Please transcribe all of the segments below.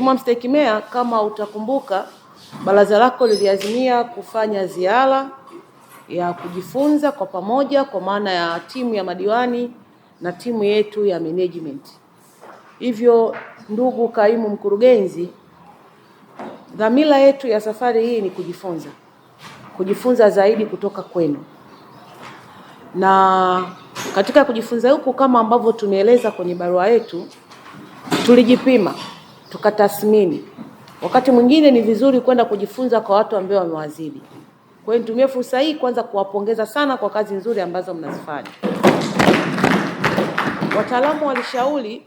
Mheshimiwa Mstahiki Meya, kama utakumbuka, baraza lako liliazimia kufanya ziara ya kujifunza kwa pamoja kwa maana ya timu ya madiwani na timu yetu ya management. Hivyo ndugu kaimu mkurugenzi, dhamira yetu ya safari hii ni kujifunza, kujifunza zaidi kutoka kwenu, na katika kujifunza huku, kama ambavyo tumeeleza kwenye barua yetu, tulijipima tukatathmini. Wakati mwingine ni vizuri kwenda kujifunza kwa watu ambao wamewazidi. Kwa hiyo nitumie fursa hii kwanza kuwapongeza sana kwa kazi nzuri ambazo mnazifanya. Wataalamu walishauri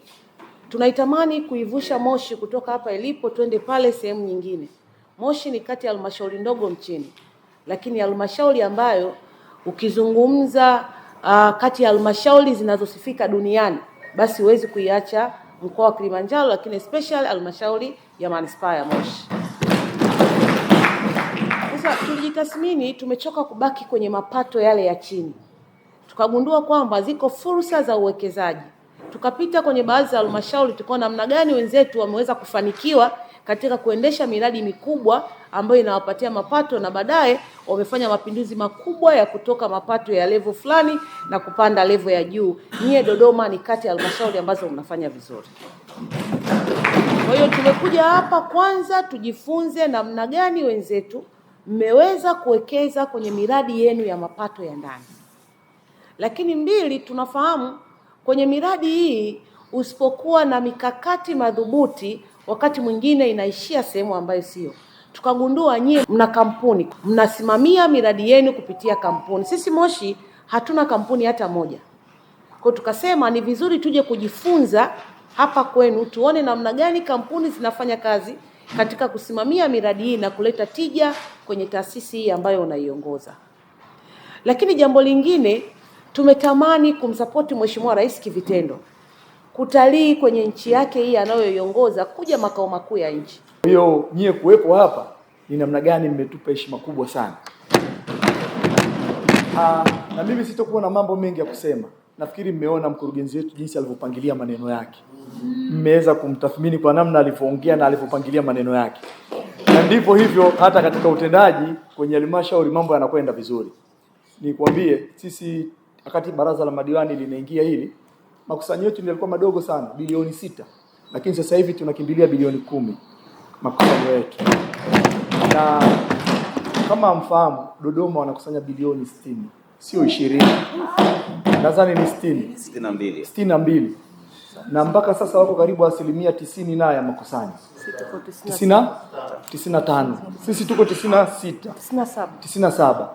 tunaitamani kuivusha Moshi kutoka hapa ilipo twende pale sehemu nyingine. Moshi ni kati ya halmashauri ndogo nchini, lakini halmashauri ambayo ukizungumza uh, kati ya halmashauri zinazosifika duniani basi huwezi kuiacha mkoa wa Kilimanjaro, lakini especially halmashauri ya manispaa ya Moshi. Sasa tulijitathmini, tumechoka kubaki kwenye mapato yale ya chini, tukagundua kwamba ziko fursa za uwekezaji tukapita kwenye baadhi ya halmashauri tukaona namna gani wenzetu wameweza kufanikiwa katika kuendesha miradi mikubwa ambayo inawapatia mapato na baadaye wamefanya mapinduzi makubwa ya kutoka mapato ya levo fulani na kupanda levo ya juu. Nyie Dodoma ni kati ya halmashauri ambazo mnafanya vizuri. Kwa hiyo tumekuja hapa kwanza tujifunze namna gani wenzetu mmeweza kuwekeza kwenye miradi yenu ya mapato ya ndani. Lakini mbili, tunafahamu kwenye miradi hii usipokuwa na mikakati madhubuti wakati mwingine inaishia sehemu ambayo sio. Tukagundua nyie mna kampuni, mnasimamia miradi yenu kupitia kampuni. Sisi Moshi hatuna kampuni hata moja, kwa tukasema ni vizuri tuje kujifunza hapa kwenu, tuone namna gani kampuni zinafanya kazi katika kusimamia miradi hii na kuleta tija kwenye taasisi hii ambayo unaiongoza. Lakini jambo lingine tumetamani kumsapoti Mheshimiwa Rais kivitendo kutalii kwenye nchi yake hii anayoiongoza kuja makao makuu ya nchi. Kwa hiyo nyie kuwepo hapa ni namna gani mmetupa heshima kubwa sana. Aa, ah, na mimi sitokuwa na mambo mengi ya kusema. Nafikiri mmeona mkurugenzi wetu jinsi alivyopangilia maneno yake, mmeweza kumtathmini kwa namna alivyoongea na alivyopangilia maneno yake, na ndivyo hivyo hata katika utendaji kwenye halmashauri mambo yanakwenda vizuri. Nikwambie sisi wakati baraza la madiwani linaingia hili makusanyo yetu yalikuwa madogo sana, bilioni sita, lakini sasa hivi tunakimbilia bilioni kumi makusanyo yetu, na kama mfahamu Dodoma wanakusanya bilioni sitini, sio ishirini, nadhani ni sitini, sitini na mbili, na mpaka sasa wako karibu asilimia tisini na ya makusanyo tisini na tano, sisi tuko tisini na sita, tisini na saba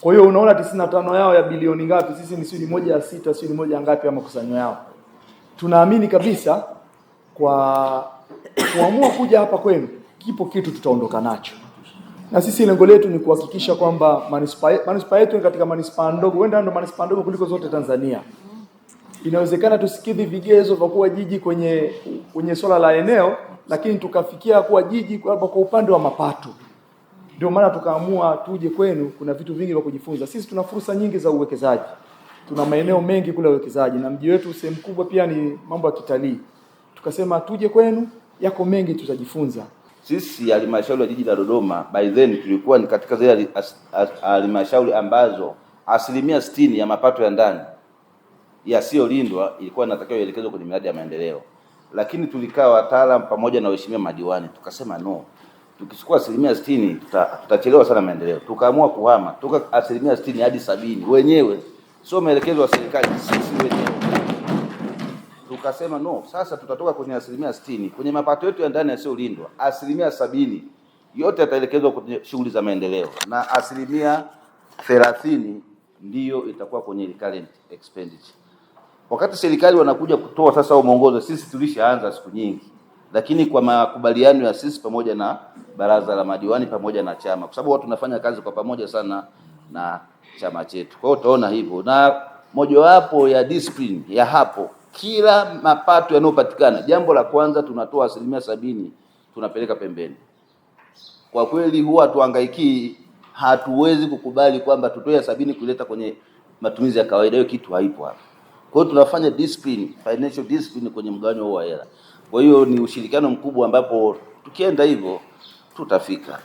kwa hiyo unaona 95 yao ya bilioni ngapi, sisi ni sijui moja ya sita, sijui moja ya ngapi ya makusanyo yao. Tunaamini kabisa kwa kuamua kuja hapa kwenu, kipo kitu tutaondoka nacho, na sisi lengo letu ni kuhakikisha kwamba manispaa manispaa yetu katika manispaa ndogo, huenda ndo manispaa ndogo kuliko zote Tanzania. Inawezekana tusikidhi vigezo vya kuwa jiji kwenye kwenye swala la eneo, lakini tukafikia kuwa jiji kwa upande wa mapato. Ndio maana tukaamua tuje kwenu, kuna vitu vingi vya kujifunza. Sisi tuna fursa nyingi za uwekezaji, tuna maeneo mengi kule uwekezaji, na mji wetu sehemu kubwa pia ni mambo ya kitalii. Tukasema tuje kwenu, yako mengi tutajifunza. Sisi halmashauri ya jiji la Dodoma by then tulikuwa ni katika zile halmashauri ambazo asilimia sitini ya mapato ya ndani yasiyolindwa ilikuwa inatakiwa ielekezwe kwenye miradi ya maendeleo, lakini tulikaa wataalamu pamoja na waheshimiwa madiwani tukasema no tukichukua asilimia sitini tutachelewa sana maendeleo. Tukaamua kuhama toka asilimia sitini hadi sabini wenyewe, sio maelekezo ya serikali, sisi wenyewe tukasema no, sasa tutatoka kwenye asilimia sitini kwenye mapato yetu ya ndani yasiyolindwa, asilimia sabini yote yataelekezwa kwenye shughuli za maendeleo na asilimia thelathini ndiyo itakuwa kwenye recurrent expenditure. Wakati serikali wanakuja kutoa sasa mwongozo, sisi tulishaanza siku nyingi lakini kwa makubaliano ya sisi pamoja na baraza la madiwani pamoja na chama, kwa sababu watu tunafanya kazi kwa pamoja sana na chama chetu. Kwa hiyo utaona hivyo, na mojawapo ya discipline ya hapo, kila mapato yanayopatikana, jambo la kwanza tunatoa asilimia sabini tunapeleka pembeni. Kwa kweli huwa hatuhangaikii, hatuwezi kukubali kwamba tutoe sabini kuleta kwenye matumizi ya kawaida. Hiyo kitu haipo hapa. Kwa hiyo tunafanya discipline, financial discipline kwenye mgawanyo wa hela. Kwa hiyo ni ushirikiano mkubwa ambapo tukienda hivyo tutafika.